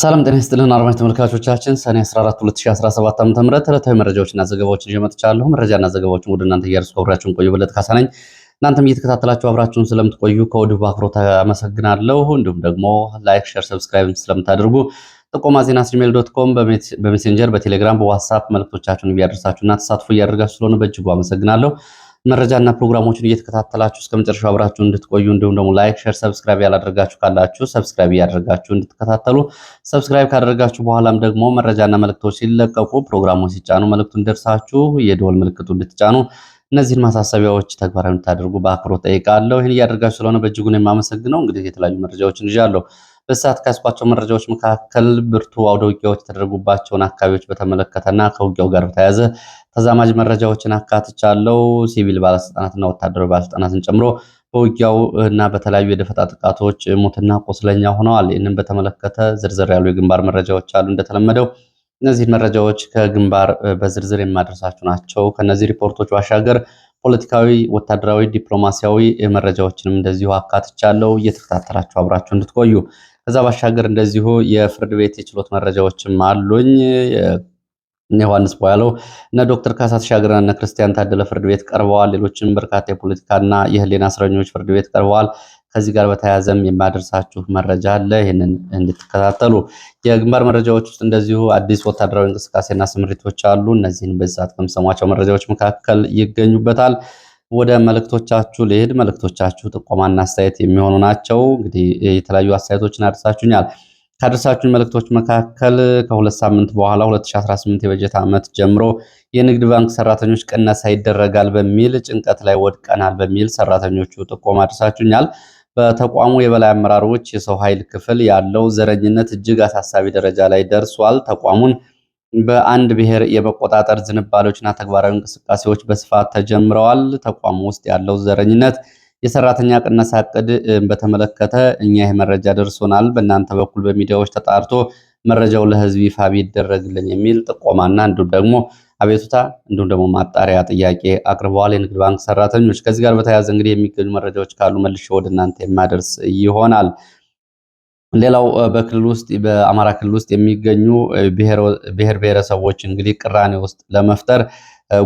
ሰላም ጤና ይስጥልን አድማጭ ተመልካቾቻችን ሰኔ 14 2017 ዓ.ም ዕለታዊ መረጃዎችና ዘገባዎችን ይዤ መጥቻለሁ። መረጃና ዘገባዎችን ወደ እናንተ እያደረስኩ አብራችሁን ቆዩ። በለት ካሳ ነኝ። እናንተም እየተከታተላችሁ አብራችሁን ስለምትቆዩ ከወዲሁ በአክብሮት አመሰግናለሁ። እንዲሁም ደግሞ ላይክ፣ ሼር፣ ሰብስክራይብ ስለምታደርጉ ጥቆማ ዜና ጂሜል ዶት ኮም በሜሴንጀር፣ በቴሌግራም፣ በዋትሳፕ መልእክቶቻችሁን እያደረሳችሁና ተሳትፎ እያደርጋችሁ ስለሆነ በእጅጉ አመሰግናለሁ። መረጃና ፕሮግራሞችን እየተከታተላችሁ እስከ መጨረሻው አብራችሁ እንድትቆዩ እንዲሁም ደግሞ ላይክ፣ ሼር፣ ሰብስክራይብ ያላደረጋችሁ ካላችሁ ሰብስክራይብ እያደረጋችሁ እንድትከታተሉ ሰብስክራይብ ካደረጋችሁ በኋላም ደግሞ መረጃና መልእክቶች ሲለቀቁ ፕሮግራሙ ሲጫኑ መልእክቱ እንዲደርሳችሁ የደወል ምልክቱ እንድትጫኑ እነዚህን ማሳሰቢያዎች ተግባራዊ እንድታደርጉ በአክብሮት ጠይቃለሁ። ይህን እያደርጋችሁ ስለሆነ በእጅጉን የማመሰግነው። እንግዲህ የተለያዩ መረጃዎችን ይዣለሁ። በሰዓት ካስኳቸው መረጃዎች መካከል ብርቱ አውደ ውጊያዎች የተደረጉባቸውን አካባቢዎች በተመለከተና ከውጊያው ጋር በተያያዘ ተዛማጅ መረጃዎችን አካትቻለሁ። ሲቪል ባለስልጣናትና ወታደራዊ ባለስልጣናትን ጨምሮ በውጊያው እና በተለያዩ የደፈጣ ጥቃቶች ሞትና ቆስለኛ ሆነዋል። ይህንን በተመለከተ ዝርዝር ያሉ የግንባር መረጃዎች አሉ። እንደተለመደው እነዚህ መረጃዎች ከግንባር በዝርዝር የማደርሳችሁ ናቸው። ከነዚህ ሪፖርቶች ባሻገር ፖለቲካዊ፣ ወታደራዊ፣ ዲፕሎማሲያዊ መረጃዎችንም እንደዚሁ አካትቻለሁ። እየተከታተላችሁ አብራችሁ እንድትቆዩ ከዛ ባሻገር እንደዚሁ የፍርድ ቤት የችሎት መረጃዎችም አሉኝ። ዮሐንስ ቦያለው እነ ዶክተር ካሳ ተሻገርና እነ ክርስቲያን ታደለ ፍርድ ቤት ቀርበዋል። ሌሎችም በርካታ የፖለቲካና የህሊና እስረኞች ፍርድ ቤት ቀርበዋል። ከዚህ ጋር በተያያዘም የማደርሳችሁ መረጃ አለ። ይህንን እንድትከታተሉ የግንባር መረጃዎች ውስጥ እንደዚሁ አዲስ ወታደራዊ እንቅስቃሴና ስምሪቶች አሉ። እነዚህን በዚህ ሰዓት ከምሰሟቸው መረጃዎች መካከል ይገኙበታል። ወደ መልእክቶቻችሁ ልሄድ። መልእክቶቻችሁ ጥቆማና አስተያየት የሚሆኑ ናቸው። እንግዲህ የተለያዩ አስተያየቶችን አድርሳችሁኛል። ካደረሳችሁን መልእክቶች መካከል ከሁለት ሳምንት በኋላ 2018 የበጀት ዓመት ጀምሮ የንግድ ባንክ ሰራተኞች ቅነሳ ይደረጋል በሚል ጭንቀት ላይ ወድቀናል በሚል ሰራተኞቹ ጥቆማ አድርሳችሁኛል። በተቋሙ የበላይ አመራሮች የሰው ኃይል ክፍል ያለው ዘረኝነት እጅግ አሳሳቢ ደረጃ ላይ ደርሷል። ተቋሙን በአንድ ብሔር የመቆጣጠር ዝንባሌዎችና ተግባራዊ እንቅስቃሴዎች በስፋት ተጀምረዋል። ተቋሙ ውስጥ ያለው ዘረኝነት የሰራተኛ ቅነሳ እቅድ በተመለከተ እኛ ይህ መረጃ ደርሶናል፣ በእናንተ በኩል በሚዲያዎች ተጣርቶ መረጃው ለህዝብ ይፋ ቢደረግልን የሚል ጥቆማና እንዲሁም ደግሞ አቤቱታ እንዲሁም ደግሞ ማጣሪያ ጥያቄ አቅርበዋል የንግድ ባንክ ሰራተኞች። ከዚህ ጋር በተያያዘ እንግዲህ የሚገኙ መረጃዎች ካሉ መልሼ ወደ እናንተ የማደርስ ይሆናል። ሌላው በክልል ውስጥ በአማራ ክልል ውስጥ የሚገኙ ብሔር ብሔረሰቦች እንግዲህ ቅራኔ ውስጥ ለመፍጠር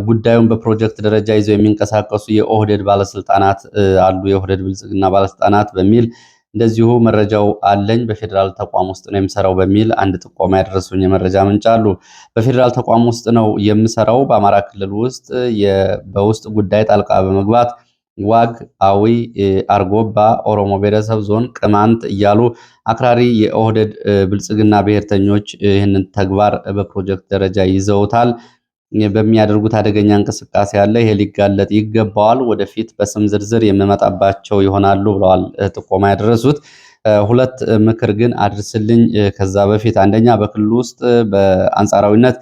ጉዳዩን በፕሮጀክት ደረጃ ይዘው የሚንቀሳቀሱ የኦህደድ ባለስልጣናት አሉ፣ የኦህደድ ብልጽግና ባለስልጣናት በሚል እንደዚሁ መረጃው አለኝ። በፌዴራል ተቋም ውስጥ ነው የምሰራው በሚል አንድ ጥቆማ ያደረሱኝ የመረጃ ምንጭ አሉ። በፌዴራል ተቋም ውስጥ ነው የምሰራው። በአማራ ክልል ውስጥ በውስጥ ጉዳይ ጣልቃ በመግባት ዋግ አዊ፣ አርጎባ፣ ኦሮሞ ብሔረሰብ ዞን፣ ቅማንት እያሉ አክራሪ የኦህደድ ብልጽግና ብሔርተኞች ይህንን ተግባር በፕሮጀክት ደረጃ ይዘውታል። በሚያደርጉት አደገኛ እንቅስቃሴ አለ። ይሄ ሊጋለጥ ይገባዋል። ወደፊት በስም ዝርዝር የምመጣባቸው ይሆናሉ ብለዋል ጥቆማ ያደረሱት። ሁለት ምክር ግን አድርስልኝ ከዛ በፊት አንደኛ በክልሉ ውስጥ በአንጻራዊነት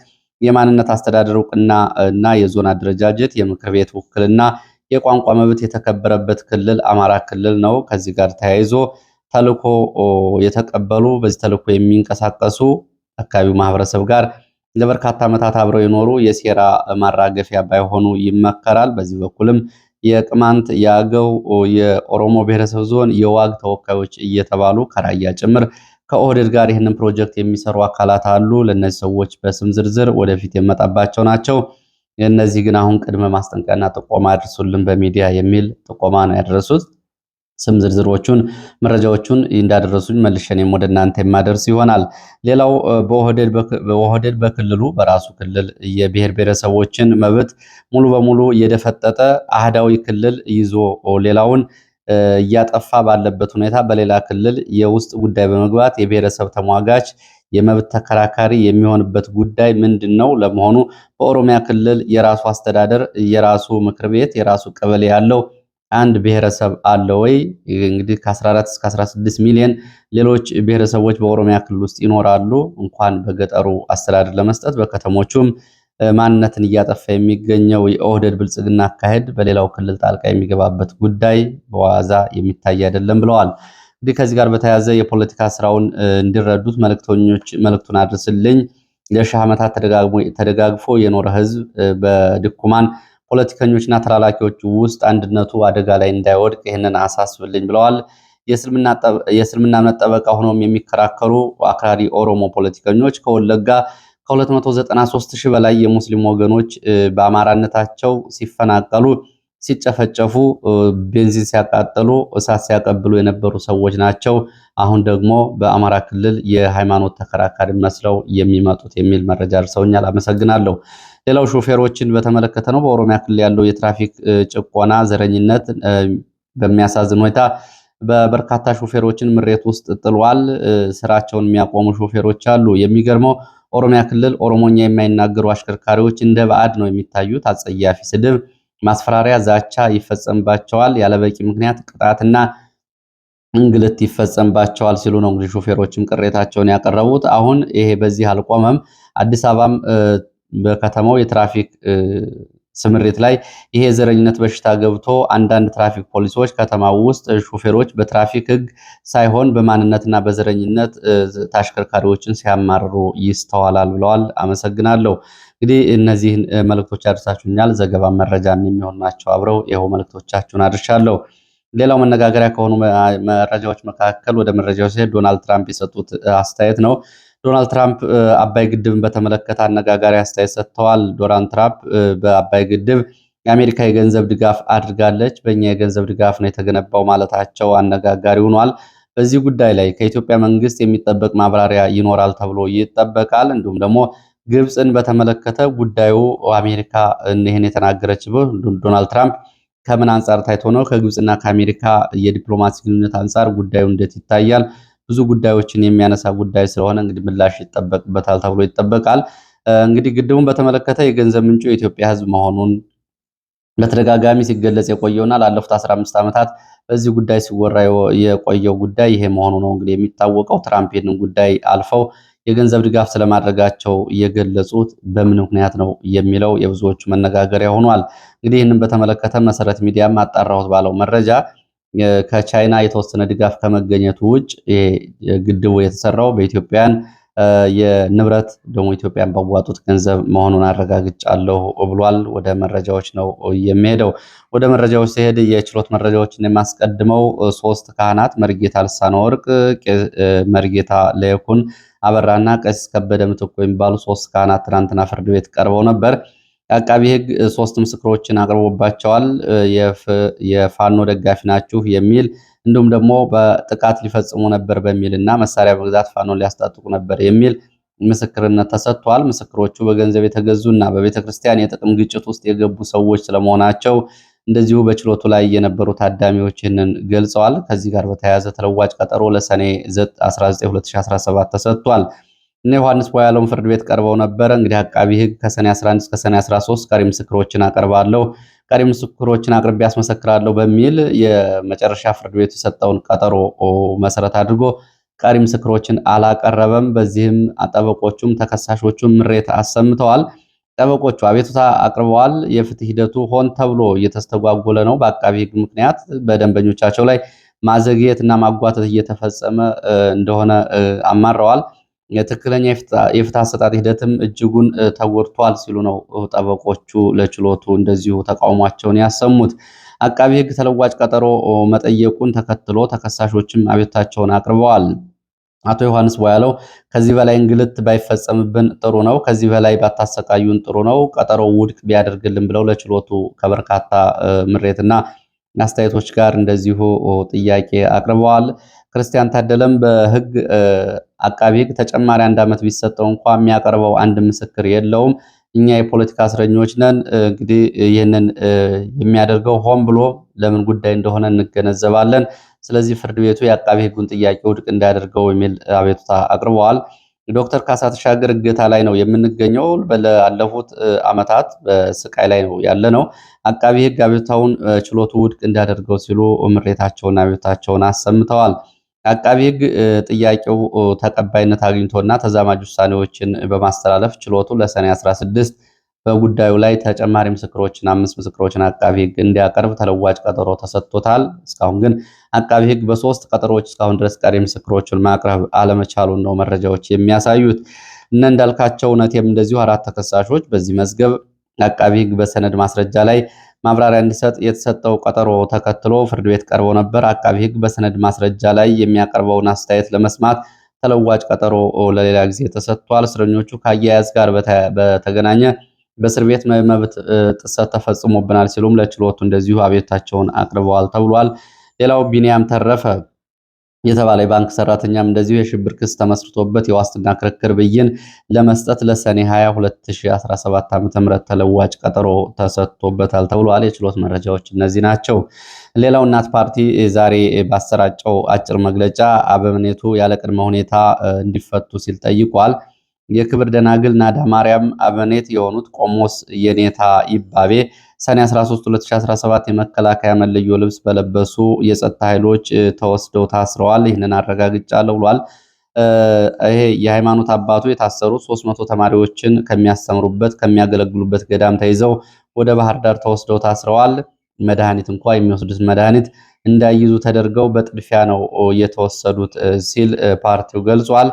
የማንነት አስተዳደር እውቅና እና የዞን አደረጃጀት የምክር ቤት ውክልና የቋንቋ መብት የተከበረበት ክልል አማራ ክልል ነው። ከዚህ ጋር ተያይዞ ተልኮ የተቀበሉ በዚህ ተልኮ የሚንቀሳቀሱ አካባቢው ማህበረሰብ ጋር ለበርካታ ዓመታት አብረው የኖሩ የሴራ ማራገፊያ ባይሆኑ ይመከራል። በዚህ በኩልም የቅማንት፣ የአገው፣ የኦሮሞ ብሔረሰብ ዞን፣ የዋግ ተወካዮች እየተባሉ ከራያ ጭምር ከኦህዴድ ጋር ይህንን ፕሮጀክት የሚሰሩ አካላት አሉ። ለእነዚህ ሰዎች በስም ዝርዝር ወደፊት የመጣባቸው ናቸው። እነዚህ ግን አሁን ቅድመ ማስጠንቀቂያና ጥቆማ አድርሱልን በሚዲያ የሚል ጥቆማ ነው ያደረሱት። ስም ዝርዝሮቹን መረጃዎቹን እንዳደረሱኝ መልሸኔም ወደ እናንተ የማደርስ ይሆናል። ሌላው በኦህዴድ በክልሉ በራሱ ክልል የብሔር ብሔረሰቦችን መብት ሙሉ በሙሉ የደፈጠጠ አህዳዊ ክልል ይዞ ሌላውን እያጠፋ ባለበት ሁኔታ በሌላ ክልል የውስጥ ጉዳይ በመግባት የብሔረሰብ ተሟጋች የመብት ተከራካሪ የሚሆንበት ጉዳይ ምንድን ነው? ለመሆኑ በኦሮሚያ ክልል የራሱ አስተዳደር የራሱ ምክር ቤት የራሱ ቀበሌ ያለው አንድ ብሔረሰብ አለ ወይ? እንግዲህ ከ14 እስከ 16 ሚሊዮን ሌሎች ብሔረሰቦች በኦሮሚያ ክልል ውስጥ ይኖራሉ። እንኳን በገጠሩ አስተዳደር ለመስጠት በከተሞቹም ማንነትን እያጠፋ የሚገኘው የኦህደድ ብልጽግና አካሄድ በሌላው ክልል ጣልቃ የሚገባበት ጉዳይ በዋዛ የሚታይ አይደለም ብለዋል። እንግዲህ ከዚህ ጋር በተያያዘ የፖለቲካ ስራውን እንዲረዱት መልክተኞች መልክቱን አድርስልኝ። ለሺህ ዓመታት ተደጋግፎ የኖረ ህዝብ በድኩማን ፖለቲከኞችና ተላላኪዎች ውስጥ አንድነቱ አደጋ ላይ እንዳይወድቅ ይህንን አሳስብልኝ ብለዋል። የእስልምና እምነት ጠበቃ ሆኖም የሚከራከሩ አክራሪ ኦሮሞ ፖለቲከኞች ከወለጋ ከ293 ሺህ በላይ የሙስሊም ወገኖች በአማራነታቸው ሲፈናቀሉ ሲጨፈጨፉ ቤንዚን ሲያቃጠሉ እሳት ሲያቀብሉ የነበሩ ሰዎች ናቸው። አሁን ደግሞ በአማራ ክልል የሃይማኖት ተከራካሪ መስለው የሚመጡት የሚል መረጃ ደርሰውኛል። አመሰግናለሁ። ሌላው ሾፌሮችን በተመለከተ ነው። በኦሮሚያ ክልል ያለው የትራፊክ ጭቆና፣ ዘረኝነት በሚያሳዝን ሁኔታ በበርካታ ሾፌሮችን ምሬት ውስጥ ጥሏል። ስራቸውን የሚያቆሙ ሾፌሮች አሉ። የሚገርመው ኦሮሚያ ክልል ኦሮሞኛ የማይናገሩ አሽከርካሪዎች እንደ ባዕድ ነው የሚታዩት። አጸያፊ ስድብ ማስፈራሪያ፣ ዛቻ ይፈጸምባቸዋል። ያለበቂ ምክንያት ቅጣትና እንግልት ይፈጸምባቸዋል ሲሉ ነው እንግዲህ ሾፌሮችም ቅሬታቸውን ያቀረቡት። አሁን ይሄ በዚህ አልቆመም። አዲስ አበባም በከተማው የትራፊክ ስምሪት ላይ ይሄ ዘረኝነት በሽታ ገብቶ አንዳንድ ትራፊክ ፖሊሶች ከተማው ውስጥ ሹፌሮች በትራፊክ ህግ ሳይሆን በማንነትና በዘረኝነት ተሽከርካሪዎችን ሲያማርሩ ይስተዋላል ብለዋል። አመሰግናለሁ። እንግዲህ እነዚህን መልእክቶች አድርሳችሁኛል። ዘገባ መረጃም የሚሆን ናቸው። አብረው ይኸው መልእክቶቻችሁን አድርሻለሁ። ሌላው መነጋገሪያ ከሆኑ መረጃዎች መካከል ወደ መረጃው ሲሄድ ዶናልድ ትራምፕ የሰጡት አስተያየት ነው። ዶናልድ ትራምፕ አባይ ግድብን በተመለከተ አነጋጋሪ አስተያየት ሰጥተዋል። ዶናልድ ትራምፕ በአባይ ግድብ የአሜሪካ የገንዘብ ድጋፍ አድርጋለች፣ በእኛ የገንዘብ ድጋፍ ነው የተገነባው ማለታቸው አነጋጋሪ ሆኗል። በዚህ ጉዳይ ላይ ከኢትዮጵያ መንግስት የሚጠበቅ ማብራሪያ ይኖራል ተብሎ ይጠበቃል። እንዲሁም ደግሞ ግብፅን በተመለከተ ጉዳዩ አሜሪካ ይህን የተናገረች ዶናልድ ትራምፕ ከምን አንጻር ታይቶ ነው? ከግብፅና ከአሜሪካ የዲፕሎማሲ ግንኙነት አንጻር ጉዳዩ እንዴት ይታያል? ብዙ ጉዳዮችን የሚያነሳ ጉዳይ ስለሆነ እንግዲህ ምላሽ ይጠበቅበታል ተብሎ ይጠበቃል። እንግዲህ ግድቡን በተመለከተ የገንዘብ ምንጩ የኢትዮጵያ ሕዝብ መሆኑን በተደጋጋሚ ሲገለጽ የቆየውና ላለፉት 15 ዓመታት በዚህ ጉዳይ ሲወራ የቆየው ጉዳይ ይሄ መሆኑ ነው እንግዲህ የሚታወቀው። ትራምፕ ይህንን ጉዳይ አልፈው የገንዘብ ድጋፍ ስለማድረጋቸው የገለጹት በምን ምክንያት ነው የሚለው የብዙዎቹ መነጋገሪያ ሆኗል። እንግዲህ ይህንን በተመለከተ መሰረት ሚዲያም አጣራሁት ባለው መረጃ ከቻይና የተወሰነ ድጋፍ ከመገኘቱ ውጭ ግድቡ የተሰራው በኢትዮጵያን የንብረት ደግሞ ኢትዮጵያን ባዋጡት ገንዘብ መሆኑን አረጋግጫለሁ ብሏል። ወደ መረጃዎች ነው የሚሄደው። ወደ መረጃዎች ሲሄድ የችሎት መረጃዎችን የማስቀድመው ሶስት ካህናት መርጌታ ልሳነ ወርቅ፣ መርጌታ ለየኩን አበራና ቀሲስ ከበደ የሚባሉ ሶስት ካህናት ትናንትና ፍርድ ቤት ቀርበው ነበር። የአቃቢ ህግ ሶስት ምስክሮችን አቅርቦባቸዋል። የፋኖ ደጋፊ ናችሁ የሚል እንዲሁም ደግሞ በጥቃት ሊፈጽሙ ነበር በሚል እና መሳሪያ በመግዛት ፋኖን ሊያስታጥቁ ነበር የሚል ምስክርነት ተሰጥቷል። ምስክሮቹ በገንዘብ የተገዙ እና በቤተክርስቲያን የጥቅም ግጭት ውስጥ የገቡ ሰዎች ስለመሆናቸው እንደዚሁ በችሎቱ ላይ የነበሩ ታዳሚዎች ይህንን ገልጸዋል። ከዚህ ጋር በተያያዘ ተለዋጭ ቀጠሮ ለሰኔ 19 2017 ተሰጥቷል። እነ ዮሐንስ ቦያለውን ፍርድ ቤት ቀርበው ነበረ። እንግዲህ አቃቢ ህግ ከሰኔ 11 እስከ ሰኔ 13 ቀሪ ምስክሮችን አቀርባለሁ ቀሪ ምስክሮችን አቅርቤ ያስመሰክራለሁ በሚል የመጨረሻ ፍርድ ቤቱ የሰጠውን ቀጠሮ መሰረት አድርጎ ቀሪ ምስክሮችን አላቀረበም። በዚህም ጠበቆቹም ተከሳሾቹም ምሬት አሰምተዋል። ጠበቆቹ አቤቱታ አቅርበዋል። የፍትህ ሂደቱ ሆን ተብሎ እየተስተጓጎለ ነው፣ በአቃቢ ህግ ምክንያት በደንበኞቻቸው ላይ ማዘግየት እና ማጓተት እየተፈጸመ እንደሆነ አማረዋል። ትክክለኛ የፍትህ አሰጣጥ ሂደትም እጅጉን ተጎድቷል ሲሉ ነው ጠበቆቹ ለችሎቱ እንደዚሁ ተቃውሟቸውን ያሰሙት። አቃቢ ህግ ተለዋጭ ቀጠሮ መጠየቁን ተከትሎ ተከሳሾችም አቤታቸውን አቅርበዋል። አቶ ዮሐንስ ቧያለው ከዚህ በላይ እንግልት ባይፈጸምብን ጥሩ ነው፣ ከዚህ በላይ ባታሰቃዩን ጥሩ ነው፣ ቀጠሮ ውድቅ ቢያደርግልን ብለው ለችሎቱ ከበርካታ ምሬትና አስተያየቶች ጋር እንደዚሁ ጥያቄ አቅርበዋል። ክርስቲያን ታደለም በህግ አቃቢ ህግ ተጨማሪ አንድ ዓመት ቢሰጠው እንኳ የሚያቀርበው አንድ ምስክር የለውም። እኛ የፖለቲካ እስረኞች ነን። እንግዲህ ይህንን የሚያደርገው ሆን ብሎ ለምን ጉዳይ እንደሆነ እንገነዘባለን። ስለዚህ ፍርድ ቤቱ የአቃቢ ህጉን ጥያቄ ውድቅ እንዳያደርገው የሚል አቤቱታ አቅርበዋል። ዶክተር ካሳ ተሻገር እገታ ላይ ነው የምንገኘው። ላለፉት ዓመታት በስቃይ ላይ ነው ያለ ነው። አቃቢ ህግ አቤቱታውን ችሎቱ ውድቅ እንዳያደርገው ሲሉ ምሬታቸውን አቤቱታቸውን አሰምተዋል። አቃቢ ሕግ ጥያቄው ተቀባይነት አግኝቶና ተዛማጅ ውሳኔዎችን በማስተላለፍ ችሎቱ ለሰኔ 16 በጉዳዩ ላይ ተጨማሪ ምስክሮችን አምስት ምስክሮችን አቃቢ ሕግ እንዲያቀርብ ተለዋጭ ቀጠሮ ተሰጥቶታል። እስካሁን ግን አቃቢ ሕግ በሶስት ቀጠሮዎች እስካሁን ድረስ ቀሪ ምስክሮችን ማቅረብ አለመቻሉን ነው መረጃዎች የሚያሳዩት። እነ እንዳልካቸው እውነቴም እንደዚሁ አራት ተከሳሾች በዚህ መዝገብ አቃቢ ህግ በሰነድ ማስረጃ ላይ ማብራሪያ እንዲሰጥ የተሰጠው ቀጠሮ ተከትሎ ፍርድ ቤት ቀርቦ ነበር። አቃቢ ህግ በሰነድ ማስረጃ ላይ የሚያቀርበውን አስተያየት ለመስማት ተለዋጭ ቀጠሮ ለሌላ ጊዜ ተሰጥቷል። እስረኞቹ ከአያያዝ ጋር በተገናኘ በእስር ቤት መብት ጥሰት ተፈጽሞብናል ሲሉም ለችሎቱ እንደዚሁ አቤታቸውን አቅርበዋል ተብሏል። ሌላው ቢኒያም ተረፈ የተባለ የባንክ ሰራተኛም እንደዚሁ የሽብር ክስ ተመስርቶበት የዋስትና ክርክር ብይን ለመስጠት ለሰኔ 2217 2017 ዓ.ም ተለዋጭ ቀጠሮ ተሰጥቶበታል ተብሏል። የችሎት መረጃዎች እነዚህ ናቸው። ሌላው እናት ፓርቲ ዛሬ ባሰራጨው አጭር መግለጫ አበምኔቱ ያለ ቅድመ ሁኔታ እንዲፈቱ ሲል ጠይቋል። የክብር ደናግል ናዳ ማርያም አበኔት የሆኑት ቆሞስ የኔታ ይባቤ ሰኔ 13 2017 የመከላከያ መለዮ ልብስ በለበሱ የጸጥታ ኃይሎች ተወስደው ታስረዋል። ይህንን አረጋግጫለሁ ብሏል። ይሄ የሃይማኖት አባቱ የታሰሩት 300 ተማሪዎችን ከሚያስተምሩበት ከሚያገለግሉበት ገዳም ተይዘው ወደ ባህር ዳር ተወስደው ታስረዋል። መድኃኒት እንኳ የሚወስዱት መድኃኒት እንዳይዙ ተደርገው በጥድፊያ ነው የተወሰዱት ሲል ፓርቲው ገልጿል።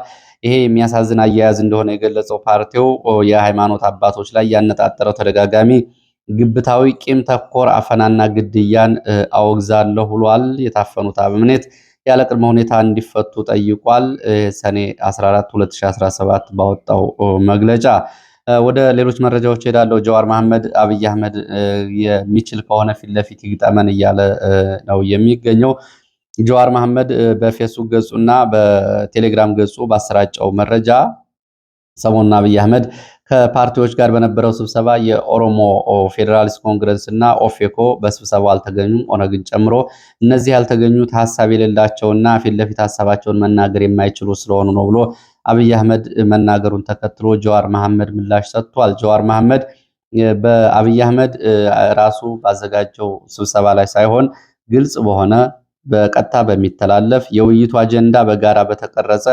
ይሄ የሚያሳዝን አያያዝ እንደሆነ የገለጸው ፓርቲው የሃይማኖት አባቶች ላይ ያነጣጠረው ተደጋጋሚ ግብታዊ ቂም ተኮር አፈናና ግድያን አወግዛለሁ ብሏል። የታፈኑት አበምኔት ያለ ቅድመ ሁኔታ እንዲፈቱ ጠይቋል። ሰኔ 14 2017 ባወጣው መግለጫ። ወደ ሌሎች መረጃዎች ሄዳለው። ጀዋር መሐመድ አብይ አህመድ የሚችል ከሆነ ፊት ለፊት ይግጠመን እያለ ነው የሚገኘው። ጀዋር መሐመድ በፌስቡክ ገጹና በቴሌግራም ገጹ ባሰራጨው መረጃ ሰሞኑን አብይ አህመድ ከፓርቲዎች ጋር በነበረው ስብሰባ የኦሮሞ ፌዴራሊስት ኮንግረስ እና ኦፌኮ በስብሰባው አልተገኙም። ኦነግን ጨምሮ እነዚህ ያልተገኙት ሀሳብ የሌላቸውና ፊት ለፊት ሀሳባቸውን መናገር የማይችሉ ስለሆኑ ነው ብሎ አብይ አህመድ መናገሩን ተከትሎ ጀዋር መሐመድ ምላሽ ሰጥቷል። ጀዋር መሐመድ በአብይ አህመድ ራሱ ባዘጋጀው ስብሰባ ላይ ሳይሆን ግልጽ በሆነ በቀጥታ በሚተላለፍ የውይይቱ አጀንዳ በጋራ በተቀረጸ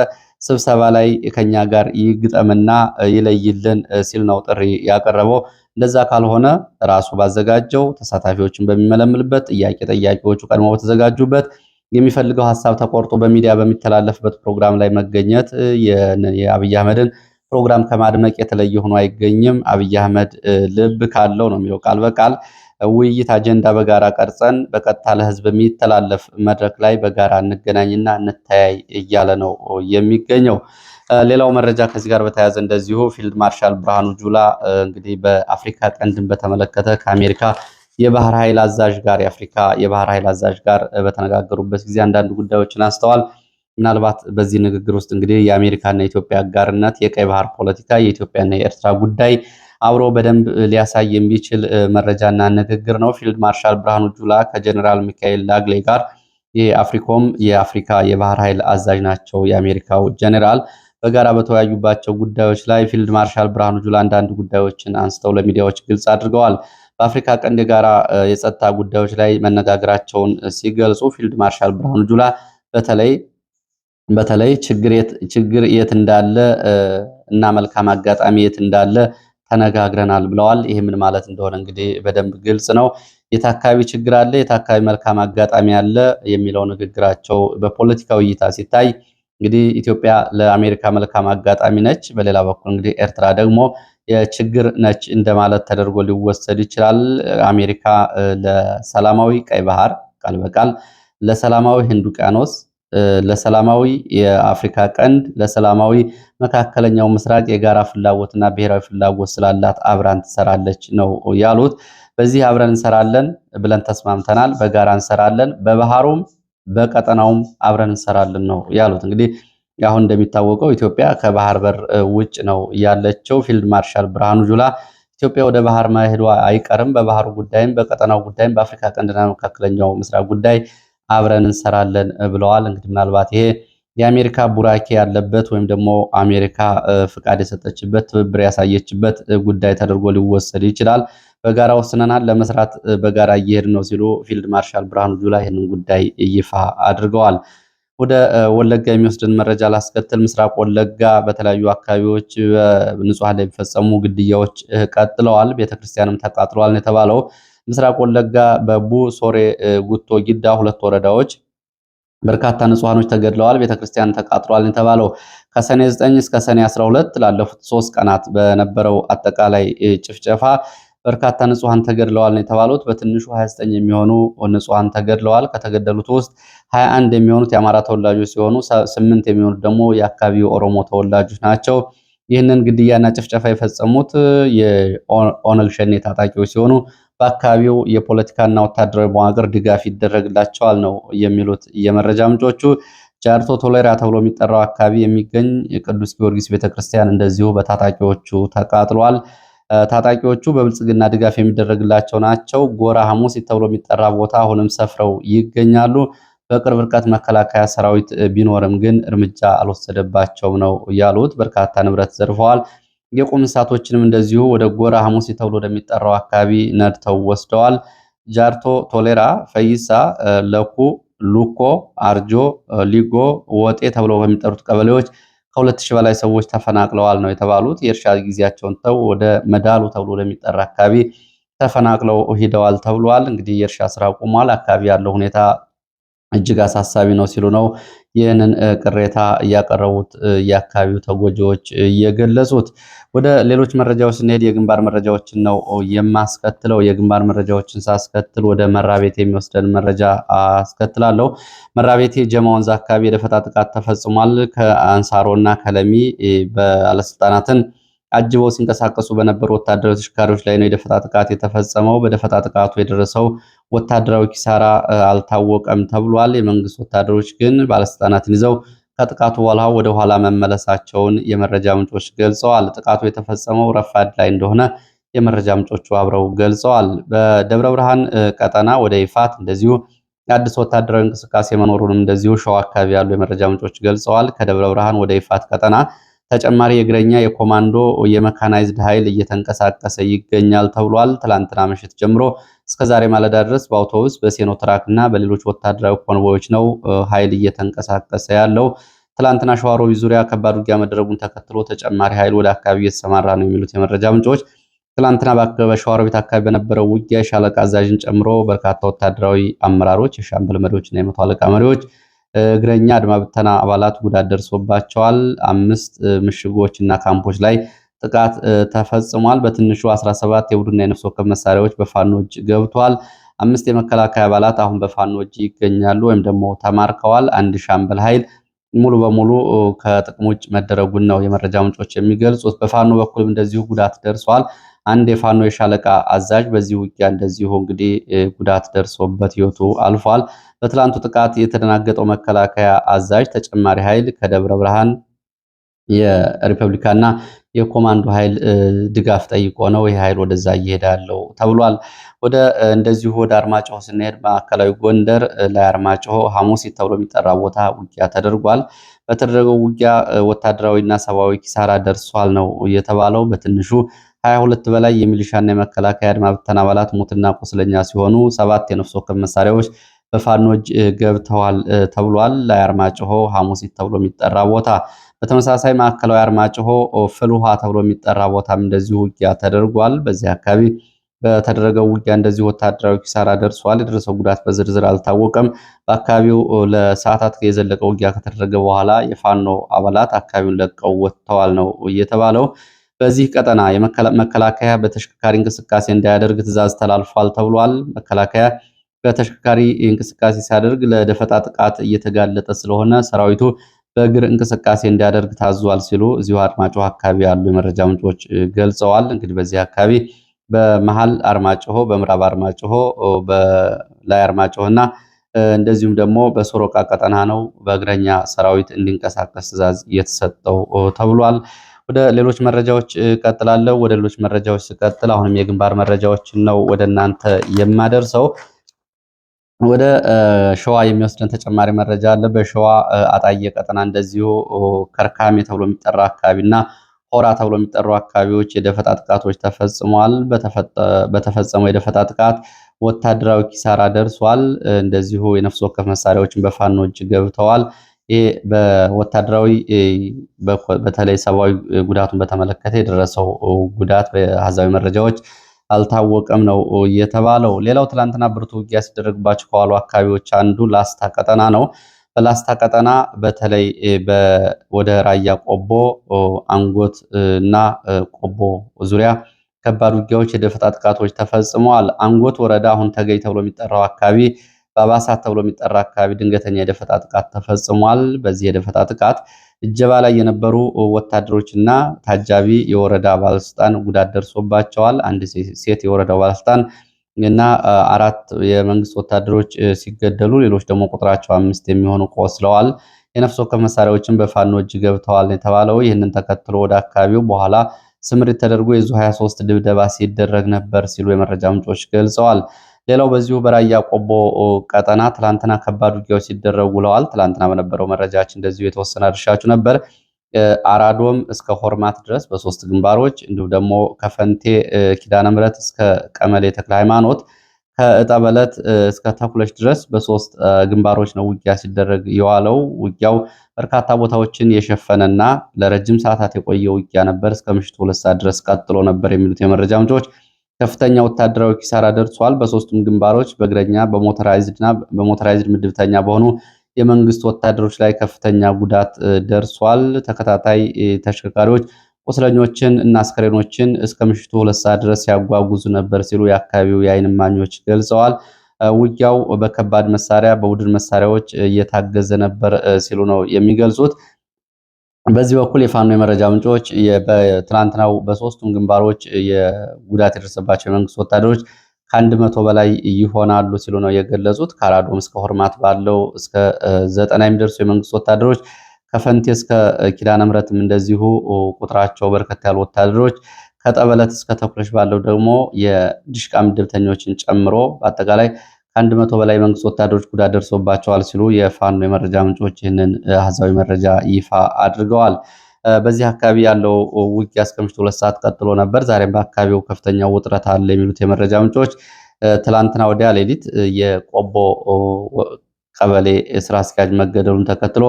ስብሰባ ላይ ከኛ ጋር ይግጠምና ይለይልን ሲል ነው ጥሪ ያቀረበው። እንደዛ ካልሆነ ራሱ ባዘጋጀው ተሳታፊዎችን በሚመለምልበት ጥያቄ ጠያቂዎቹ ቀድሞ በተዘጋጁበት የሚፈልገው ሀሳብ ተቆርጦ በሚዲያ በሚተላለፍበት ፕሮግራም ላይ መገኘት የአብይ አህመድን ፕሮግራም ከማድመቅ የተለየ ሆኖ አይገኝም። አብይ አህመድ ልብ ካለው ነው የሚለው ቃል በቃል ውይይት አጀንዳ በጋራ ቀርጸን በቀጥታ ለህዝብ የሚተላለፍ መድረክ ላይ በጋራ እንገናኝና እንተያይ እያለ ነው የሚገኘው። ሌላው መረጃ ከዚህ ጋር በተያያዘ እንደዚሁ ፊልድ ማርሻል ብርሃኑ ጁላ እንግዲህ በአፍሪካ ቀንድን በተመለከተ ከአሜሪካ የባህር ኃይል አዛዥ ጋር የአፍሪካ የባህር ኃይል አዛዥ ጋር በተነጋገሩበት ጊዜ አንዳንድ ጉዳዮችን አንስተዋል። ምናልባት በዚህ ንግግር ውስጥ እንግዲህ የአሜሪካና የኢትዮጵያ አጋርነት፣ የቀይ ባህር ፖለቲካ፣ የኢትዮጵያና የኤርትራ ጉዳይ አብሮ በደንብ ሊያሳይ የሚችል መረጃና ንግግር ነው። ፊልድ ማርሻል ብርሃኑ ጁላ ከጀኔራል ሚካኤል ላግሌ ጋር የአፍሪኮም የአፍሪካ የባህር ኃይል አዛዥ ናቸው። የአሜሪካው ጀኔራል በጋራ በተወያዩባቸው ጉዳዮች ላይ ፊልድ ማርሻል ብርሃኑ ጁላ አንዳንድ ጉዳዮችን አንስተው ለሚዲያዎች ግልጽ አድርገዋል። በአፍሪካ ቀንድ የጋራ የጸጥታ ጉዳዮች ላይ መነጋገራቸውን ሲገልጹ ፊልድ ማርሻል ብርሃኑ ጁላ በተለይ በተለይ ችግር የት እንዳለ እና መልካም አጋጣሚ የት እንዳለ ተነጋግረናል ብለዋል። ይህ ምን ማለት እንደሆነ እንግዲህ በደንብ ግልጽ ነው። የት አካባቢ ችግር አለ፣ የት አካባቢ መልካም አጋጣሚ አለ የሚለው ንግግራቸው በፖለቲካዊ እይታ ሲታይ እንግዲህ ኢትዮጵያ ለአሜሪካ መልካም አጋጣሚ ነች፣ በሌላ በኩል እንግዲህ ኤርትራ ደግሞ የችግር ነች እንደማለት ተደርጎ ሊወሰድ ይችላል። አሜሪካ ለሰላማዊ ቀይ ባህር ቃል በቃል ለሰላማዊ ህንድ ውቅያኖስ ለሰላማዊ የአፍሪካ ቀንድ ለሰላማዊ መካከለኛው ምስራቅ የጋራ ፍላጎትና ብሔራዊ ፍላጎት ስላላት አብራን ትሰራለች ነው ያሉት። በዚህ አብረን እንሰራለን ብለን ተስማምተናል። በጋራ እንሰራለን፣ በባህሩም በቀጠናውም አብረን እንሰራለን ነው ያሉት። እንግዲህ አሁን እንደሚታወቀው ኢትዮጵያ ከባህር በር ውጭ ነው ያለችው። ፊልድ ማርሻል ብርሃኑ ጁላ ኢትዮጵያ ወደ ባህር መሄዷ አይቀርም፣ በባህሩ ጉዳይም በቀጠናው ጉዳይም በአፍሪካ ቀንድና መካከለኛው ምስራቅ ጉዳይ አብረን እንሰራለን ብለዋል። እንግዲህ ምናልባት ይሄ የአሜሪካ ቡራኬ ያለበት ወይም ደግሞ አሜሪካ ፍቃድ የሰጠችበት ትብብር ያሳየችበት ጉዳይ ተደርጎ ሊወሰድ ይችላል። በጋራ ወስነናል፣ ለመስራት በጋራ እየሄድ ነው ሲሉ ፊልድ ማርሻል ብርሃኑ ጁላ ይህንን ጉዳይ ይፋ አድርገዋል። ወደ ወለጋ የሚወስድን መረጃ ላስከትል። ምስራቅ ወለጋ በተለያዩ አካባቢዎች በንጹሐን ላይ የሚፈጸሙ ግድያዎች ቀጥለዋል። ቤተክርስቲያንም ተቃጥለዋል የተባለው። ምስራቅ ወለጋ በቡ ሶሬ፣ ጉቶ ጊዳ ሁለት ወረዳዎች በርካታ ንጹሃኖች ተገድለዋል፣ ቤተክርስቲያን ተቃጥሏል የተባለው ከሰኔ 9 እስከ ሰኔ 12 ላለፉት ሶስት ቀናት በነበረው አጠቃላይ ጭፍጨፋ በርካታ ንጹሃን ተገድለዋል ነው የተባሉት። በትንሹ 29 የሚሆኑ ንጹሃን ተገድለዋል። ከተገደሉት ውስጥ 21 የሚሆኑት የአማራ ተወላጆች ሲሆኑ ስምንት የሚሆኑት ደግሞ የአካባቢው ኦሮሞ ተወላጆች ናቸው። ይህንን ግድያና ጭፍጨፋ የፈጸሙት የኦነግ ሸኔ ታጣቂዎች ሲሆኑ በአካባቢው የፖለቲካና ወታደራዊ መዋቅር ድጋፍ ይደረግላቸዋል ነው የሚሉት የመረጃ ምንጮቹ። ጃርቶ ቶሌራ ተብሎ የሚጠራው አካባቢ የሚገኝ የቅዱስ ጊዮርጊስ ቤተክርስቲያን እንደዚሁ በታጣቂዎቹ ተቃጥሏል። ታጣቂዎቹ በብልጽግና ድጋፍ የሚደረግላቸው ናቸው። ጎራ ሐሙሲት ተብሎ የሚጠራ ቦታ አሁንም ሰፍረው ይገኛሉ። በቅርብ ርቀት መከላከያ ሰራዊት ቢኖርም ግን እርምጃ አልወሰደባቸውም ነው ያሉት። በርካታ ንብረት ዘርፈዋል። የቁም እንስሳቶችንም እንደዚሁ ወደ ጎራ ሐሙሲ ተብሎ ወደሚጠራው አካባቢ ነድተው ወስደዋል። ጃርቶ ቶሌራ፣ ፈይሳ፣ ለኩ፣ ሉኮ፣ አርጆ፣ ሊጎ፣ ወጤ ተብለው በሚጠሩት ቀበሌዎች ከሁለት ሺህ በላይ ሰዎች ተፈናቅለዋል ነው የተባሉት። የእርሻ ጊዜያቸውን ተው ወደ መዳሉ ተብሎ ወደሚጠራ አካባቢ ተፈናቅለው ሂደዋል ተብሏል። እንግዲህ የእርሻ ስራ ቆሟል። አካባቢ ያለው ሁኔታ እጅግ አሳሳቢ ነው ሲሉ ነው ይህንን ቅሬታ እያቀረቡት የአካባቢው ተጎጂዎች እየገለጹት። ወደ ሌሎች መረጃዎች ስንሄድ የግንባር መረጃዎችን ነው የማስከትለው። የግንባር መረጃዎችን ሳስከትል ወደ መራቤቴ የሚወስደን መረጃ አስከትላለሁ። መራቤቴ ጀማ ወንዝ አካባቢ የደፈጣ ጥቃት ተፈጽሟል። ከአንሳሮና ከለሚ ባለስልጣናትን አጅበው ሲንቀሳቀሱ በነበሩ ወታደራዊ ተሽከርካሪዎች ላይ ነው የደፈጣ ጥቃት የተፈጸመው። በደፈጣ ጥቃቱ የደረሰው ወታደራዊ ኪሳራ አልታወቀም ተብሏል። የመንግስት ወታደሮች ግን ባለስልጣናትን ይዘው ከጥቃቱ በኋላ ወደ ኋላ መመለሳቸውን የመረጃ ምንጮች ገልጸዋል። ጥቃቱ የተፈጸመው ረፋድ ላይ እንደሆነ የመረጃ ምንጮቹ አብረው ገልጸዋል። በደብረ ብርሃን ቀጠና ወደ ይፋት እንደዚሁ አዲስ ወታደራዊ እንቅስቃሴ መኖሩንም እንደዚሁ ሸዋ አካባቢ ያሉ የመረጃ ምንጮች ገልጸዋል። ከደብረ ብርሃን ወደ ይፋት ቀጠና ተጨማሪ የእግረኛ የኮማንዶ የመካናይዝድ ኃይል እየተንቀሳቀሰ ይገኛል ተብሏል። ትላንትና ምሽት ጀምሮ እስከ ዛሬ ማለዳ ድረስ በአውቶቡስ በሴኖትራክ እና በሌሎች ወታደራዊ ኮንቮዮች ነው ኃይል እየተንቀሳቀሰ ያለው። ትላንትና ሸዋሮቢ ዙሪያ ከባድ ውጊያ መደረጉን ተከትሎ ተጨማሪ ኃይል ወደ አካባቢ እየተሰማራ ነው የሚሉት የመረጃ ምንጮች ትላንትና በሸዋሮቢት አካባቢ በነበረው ውጊያ የሻለቃ አዛዥን ጨምሮ በርካታ ወታደራዊ አመራሮች፣ የሻምበል መሪዎች እና የመቶ አለቃ መሪዎች እግረኛ አድማ ብተና አባላት ጉዳት ደርሶባቸዋል። አምስት ምሽጎች እና ካምፖች ላይ ጥቃት ተፈጽሟል። በትንሹ 17 የቡድንና የነፍስ ወከፍ መሳሪያዎች በፋኖ እጅ ገብቷል። አምስት የመከላከያ አባላት አሁን በፋኖ እጅ ይገኛሉ ወይም ደግሞ ተማርከዋል። አንድ ሻምበል ኃይል ሙሉ በሙሉ ከጥቅም ውጭ መደረጉን ነው የመረጃ ምንጮች የሚገልጹት። በፋኖ በኩልም እንደዚሁ ጉዳት ደርሷል። አንድ የፋኖ የሻለቃ አዛዥ በዚህ ውጊያ እንደዚሁ እንግዲህ ጉዳት ደርሶበት ህይወቱ አልፏል። በትላንቱ ጥቃት የተደናገጠው መከላከያ አዛዥ ተጨማሪ ኃይል ከደብረ ብርሃን የሪፐብሊካና የኮማንዶ ኃይል ድጋፍ ጠይቆ ነው ይህ ኃይል ወደዛ እየሄደ ያለው ተብሏል። ወደ እንደዚሁ ወደ አርማጭሆ ስንሄድ ማዕከላዊ ጎንደር ላይ አርማጭሆ ሐሙሲት ተብሎ የሚጠራ ቦታ ውጊያ ተደርጓል። በተደረገው ውጊያ ወታደራዊና ሰብአዊ ኪሳራ ደርሷል ነው የተባለው። በትንሹ ሀያ ሁለት በላይ የሚሊሻና የመከላከያ አድማ ብተና አባላት ሙትና ቁስለኛ ሲሆኑ ሰባት የነፍስ ወከፍ መሳሪያዎች በፋኖ እጅ ገብተዋል ተብሏል። ላይ አርማጭሆ ሐሙሲት ተብሎ የሚጠራ ቦታ በተመሳሳይ ማዕከላዊ አርማጭሆ ፍልውሃ ተብሎ የሚጠራ ቦታም እንደዚሁ ውጊያ ተደርጓል። በዚህ አካባቢ በተደረገው ውጊያ እንደዚሁ ወታደራዊ ኪሳራ ደርሷል። የደረሰው ጉዳት በዝርዝር አልታወቀም። በአካባቢው ለሰዓታት የዘለቀ ውጊያ ከተደረገ በኋላ የፋኖ አባላት አካባቢውን ለቀው ወጥተዋል ነው እየተባለው። በዚህ ቀጠና መከላከያ በተሽከርካሪ እንቅስቃሴ እንዳያደርግ ትዕዛዝ ተላልፏል ተብሏል። መከላከያ በተሽከርካሪ እንቅስቃሴ ሲያደርግ ለደፈጣ ጥቃት እየተጋለጠ ስለሆነ ሰራዊቱ በእግር እንቅስቃሴ እንዳያደርግ ታዟል ሲሉ እዚሁ አርማጭሆ አካባቢ ያሉ የመረጃ ምንጮች ገልጸዋል። እንግዲህ በዚህ አካባቢ በመሀል አርማጭሆ፣ በምዕራብ አርማጭሆ፣ በላይ አርማጭሆ እና እንደዚሁም ደግሞ በሶሮቃ ቀጠና ነው በእግረኛ ሰራዊት እንዲንቀሳቀስ ትዕዛዝ እየተሰጠው ተብሏል። ወደ ሌሎች መረጃዎች እቀጥላለሁ። ወደ ሌሎች መረጃዎች ስቀጥል አሁንም የግንባር መረጃዎችን ነው ወደ እናንተ የማደርሰው። ወደ ሸዋ የሚወስደን ተጨማሪ መረጃ አለ። በሸዋ አጣየ ቀጠና እንደዚሁ ከርካሜ ተብሎ የሚጠራ አካባቢና ሆራ ተብሎ የሚጠሩ አካባቢዎች የደፈጣ ጥቃቶች ተፈጽሟል። በተፈጸመው የደፈጣ ጥቃት ወታደራዊ ኪሳራ ደርሷል። እንደዚሁ የነፍስ ወከፍ መሳሪያዎችን በፋኖ እጅ ገብተዋል። ይህ በወታደራዊ በተለይ ሰብአዊ ጉዳቱን በተመለከተ የደረሰው ጉዳት በአሃዛዊ መረጃዎች አልታወቀም ነው የተባለው። ሌላው ትላንትና ብርቱ ውጊያ ሲደረግባቸው ከዋሉ አካባቢዎች አንዱ ላስታ ቀጠና ነው። በላስታ ቀጠና በተለይ ወደ ራያ ቆቦ፣ አንጎት እና ቆቦ ዙሪያ ከባድ ውጊያዎች፣ የደፈጣ ጥቃቶች ተፈጽመዋል። አንጎት ወረዳ አሁን ተገኝ ተብሎ የሚጠራው አካባቢ ባባሳት ተብሎ የሚጠራ አካባቢ ድንገተኛ የደፈጣ ጥቃት ተፈጽሟል። በዚህ የደፈጣ ጥቃት እጀባ ላይ የነበሩ ወታደሮችና ታጃቢ የወረዳ ባለስልጣን ጉዳት ደርሶባቸዋል። አንድ ሴት የወረዳው ባለስልጣን እና አራት የመንግስት ወታደሮች ሲገደሉ፣ ሌሎች ደግሞ ቁጥራቸው አምስት የሚሆኑ ቆስለዋል። የነፍስ ወከፍ መሳሪያዎችን በፋኖ እጅ ገብተዋል የተባለው ይህንን ተከትሎ ወደ አካባቢው በኋላ ስምሪት ተደርጎ የዙ 23 ድብደባ ሲደረግ ነበር ሲሉ የመረጃ ምንጮች ገልጸዋል። ሌላው በዚሁ በራያ ቆቦ ቀጠና ትላንትና ከባድ ውጊያዎች ሲደረጉ ውለዋል። ትላንትና በነበረው መረጃችን እንደዚሁ የተወሰነ ድርሻችሁ ነበር። አራዶም እስከ ሆርማት ድረስ በሶስት ግንባሮች እንዲሁም ደግሞ ከፈንቴ ኪዳነ ምሕረት እስከ ቀመሌ ተክለ ሃይማኖት ከእጠበለት እስከ ተኩለች ድረስ በሶስት ግንባሮች ነው ውጊያ ሲደረግ የዋለው። ውጊያው በርካታ ቦታዎችን የሸፈነና ለረጅም ሰዓታት የቆየ ውጊያ ነበር። እስከ ምሽቱ ሁለት ሰዓት ድረስ ቀጥሎ ነበር የሚሉት የመረጃ ምንጮች ከፍተኛ ወታደራዊ ኪሳራ ደርሷል። በሶስቱም ግንባሮች በእግረኛ በሞተራይዝድና በሞተራይዝድ ምድብተኛ በሆኑ የመንግስት ወታደሮች ላይ ከፍተኛ ጉዳት ደርሷል። ተከታታይ ተሽከርካሪዎች ቁስለኞችን እና አስከሬኖችን እስከ ምሽቱ ሁለት ሰዓት ድረስ ያጓጉዙ ነበር ሲሉ የአካባቢው የአይን እማኞች ገልጸዋል። ውጊያው በከባድ መሳሪያ በቡድን መሳሪያዎች እየታገዘ ነበር ሲሉ ነው የሚገልጹት። በዚህ በኩል የፋኖ የመረጃ ምንጮች በትናንትናው በሶስቱም ግንባሮች የጉዳት የደረሰባቸው የመንግስት ወታደሮች ከአንድ መቶ በላይ ይሆናሉ ሲሉ ነው የገለጹት። ከአራዶም እስከ ሆርማት ባለው እስከ ዘጠና የሚደርሱ የመንግስት ወታደሮች ከፈንቴ እስከ ኪዳነ ምሕረትም እንደዚሁ ቁጥራቸው በርከት ያሉ ወታደሮች ከጠበለት እስከ ተኩለሽ ባለው ደግሞ የድሽቃ ምድብተኞችን ጨምሮ በአጠቃላይ ከአንድ መቶ በላይ መንግስት ወታደሮች ጉዳት ደርሶባቸዋል ሲሉ የፋኖ የመረጃ ምንጮች ይህንን አሃዛዊ መረጃ ይፋ አድርገዋል። በዚህ አካባቢ ያለው ውጊያ እስከ ምሽቱ ሁለት ሰዓት ቀጥሎ ነበር። ዛሬም በአካባቢው ከፍተኛ ውጥረት አለ የሚሉት የመረጃ ምንጮች ትላንትና ወዲያ ሌሊት የቆቦ ቀበሌ ስራ አስኪያጅ መገደሉን ተከትሎ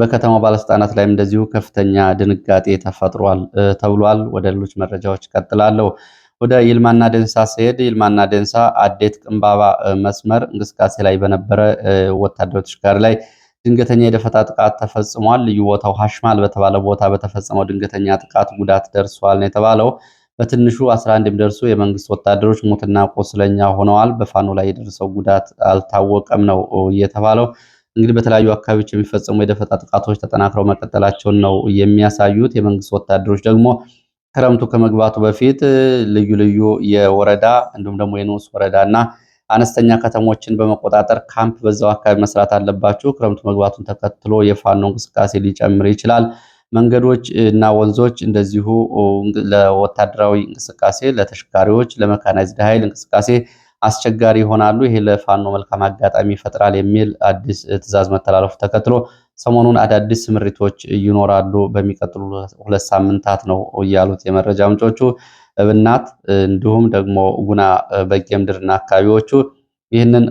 በከተማው ባለስልጣናት ላይም እንደዚሁ ከፍተኛ ድንጋጤ ተፈጥሯል ተብሏል። ወደ ሌሎች መረጃዎች ቀጥላለሁ። ወደ ይልማና ደንሳ ሲሄድ ይልማና ደንሳ አዴት ቅንባባ መስመር እንቅስቃሴ ላይ በነበረ ወታደራዊ ተሽከርካሪ ላይ ድንገተኛ የደፈጣ ጥቃት ተፈጽሟል። ልዩ ቦታው ሀሽማል በተባለ ቦታ በተፈጸመው ድንገተኛ ጥቃት ጉዳት ደርሷል ነው የተባለው። በትንሹ 11 የሚደርሱ የመንግስት ወታደሮች ሞትና ቆስለኛ ሆነዋል። በፋኖ ላይ የደረሰው ጉዳት አልታወቀም ነው የተባለው። እንግዲህ በተለያዩ አካባቢዎች የሚፈጸሙ የደፈጣ ጥቃቶች ተጠናክረው መቀጠላቸውን ነው የሚያሳዩት። የመንግስት ወታደሮች ደግሞ ክረምቱ ከመግባቱ በፊት ልዩ ልዩ የወረዳ እንዲሁም ደግሞ የንዑስ ወረዳ እና አነስተኛ ከተሞችን በመቆጣጠር ካምፕ በዛው አካባቢ መስራት አለባችሁ። ክረምቱ መግባቱን ተከትሎ የፋኖ እንቅስቃሴ ሊጨምር ይችላል። መንገዶች እና ወንዞች እንደዚሁ ለወታደራዊ እንቅስቃሴ፣ ለተሽካሪዎች፣ ለመካናይዝድ ኃይል እንቅስቃሴ አስቸጋሪ ይሆናሉ። ይሄ ለፋኖ መልካም አጋጣሚ ይፈጥራል የሚል አዲስ ትዕዛዝ መተላለፉ ተከትሎ ሰሞኑን አዳዲስ ስምሪቶች ይኖራሉ በሚቀጥሉ ሁለት ሳምንታት ነው እያሉት የመረጃ ምንጮቹ። እብናት እንዲሁም ደግሞ ጉና በጌምድርና አካባቢዎቹ ይህንን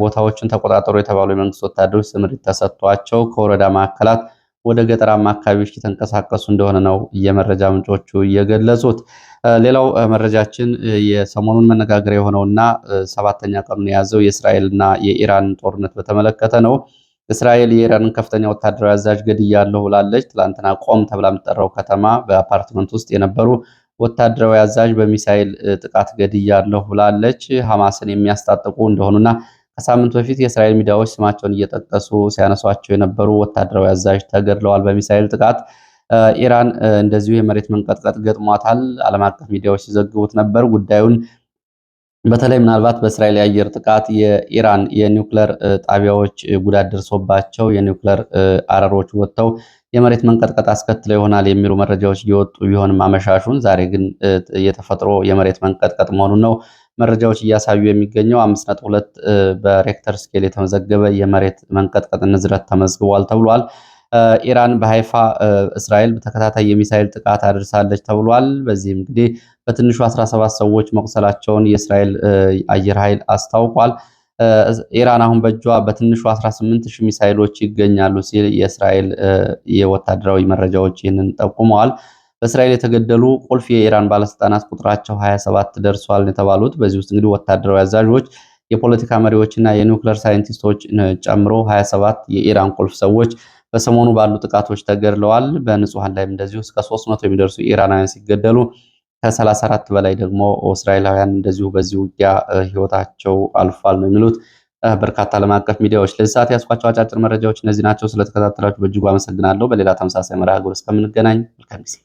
ቦታዎችን ተቆጣጠሩ የተባሉ የመንግስት ወታደሮች ስምሪት ተሰጥቷቸው ከወረዳ ማዕከላት ወደ ገጠራማ አካባቢዎች የተንቀሳቀሱ እንደሆነ ነው የመረጃ ምንጮቹ የገለጹት። ሌላው መረጃችን የሰሞኑን መነጋገሪያ የሆነውና ሰባተኛ ቀኑን የያዘው የእስራኤልና የኢራን ጦርነት በተመለከተ ነው። እስራኤል የኢራንን ከፍተኛ ወታደራዊ አዛዥ ገድያለሁ ብላለች። ትላንትና ቆም ተብላ የምትጠራው ከተማ በአፓርትመንት ውስጥ የነበሩ ወታደራዊ አዛዥ በሚሳይል ጥቃት ገድያለሁ ብላለች። ሐማስን የሚያስታጥቁ እንደሆኑና ከሳምንት በፊት የእስራኤል ሚዲያዎች ስማቸውን እየጠቀሱ ሲያነሷቸው የነበሩ ወታደራዊ አዛዥ ተገድለዋል በሚሳኤል ጥቃት። ኢራን እንደዚሁ የመሬት መንቀጥቀጥ ገጥሟታል፣ ዓለም አቀፍ ሚዲያዎች ሲዘግቡት ነበር። ጉዳዩን በተለይ ምናልባት በእስራኤል የአየር ጥቃት የኢራን የኒውክለር ጣቢያዎች ጉዳት ደርሶባቸው የኒውክለር አረሮች ወጥተው የመሬት መንቀጥቀጥ አስከትለው ይሆናል የሚሉ መረጃዎች እየወጡ ቢሆንም አመሻሹን፣ ዛሬ ግን የተፈጥሮ የመሬት መንቀጥቀጥ መሆኑን ነው መረጃዎች እያሳዩ የሚገኘው አምስት ነጥብ ሁለት በሬክተር ስኬል የተመዘገበ የመሬት መንቀጥቀጥ ንዝረት ተመዝግቧል ተብሏል። ኢራን በሃይፋ እስራኤል በተከታታይ የሚሳኤል ጥቃት አድርሳለች ተብሏል። በዚህም እንግዲህ በትንሹ 17 ሰዎች መቁሰላቸውን የእስራኤል አየር ኃይል አስታውቋል። ኢራን አሁን በእጇ በትንሹ 18 ሺህ ሚሳኤሎች ይገኛሉ ሲል የእስራኤል የወታደራዊ መረጃዎች ይህንን ጠቁመዋል። በእስራኤል የተገደሉ ቁልፍ የኢራን ባለስልጣናት ቁጥራቸው 27 ደርሷል የተባሉት በዚህ ውስጥ እንግዲህ ወታደራዊ አዛዦች፣ የፖለቲካ መሪዎችና የኒውክሌር ሳይንቲስቶች ጨምሮ 27 የኢራን ቁልፍ ሰዎች በሰሞኑ ባሉ ጥቃቶች ተገድለዋል። በንጹሐን ላይም እንደዚሁ እስከ 300 የሚደርሱ ኢራናውያን ሲገደሉ ከ34 በላይ ደግሞ እስራኤላውያን እንደዚሁ በዚህ ውጊያ ህይወታቸው አልፏል ነው የሚሉት በርካታ ዓለም አቀፍ ሚዲያዎች። ለዚህ ሰዓት ያስኳቸው አጫጭር መረጃዎች እነዚህ ናቸው። ስለተከታተላችሁ በእጅጉ አመሰግናለሁ። በሌላ ተመሳሳይ መርሃ ግብር እስከምንገናኝ መልካም ጊዜ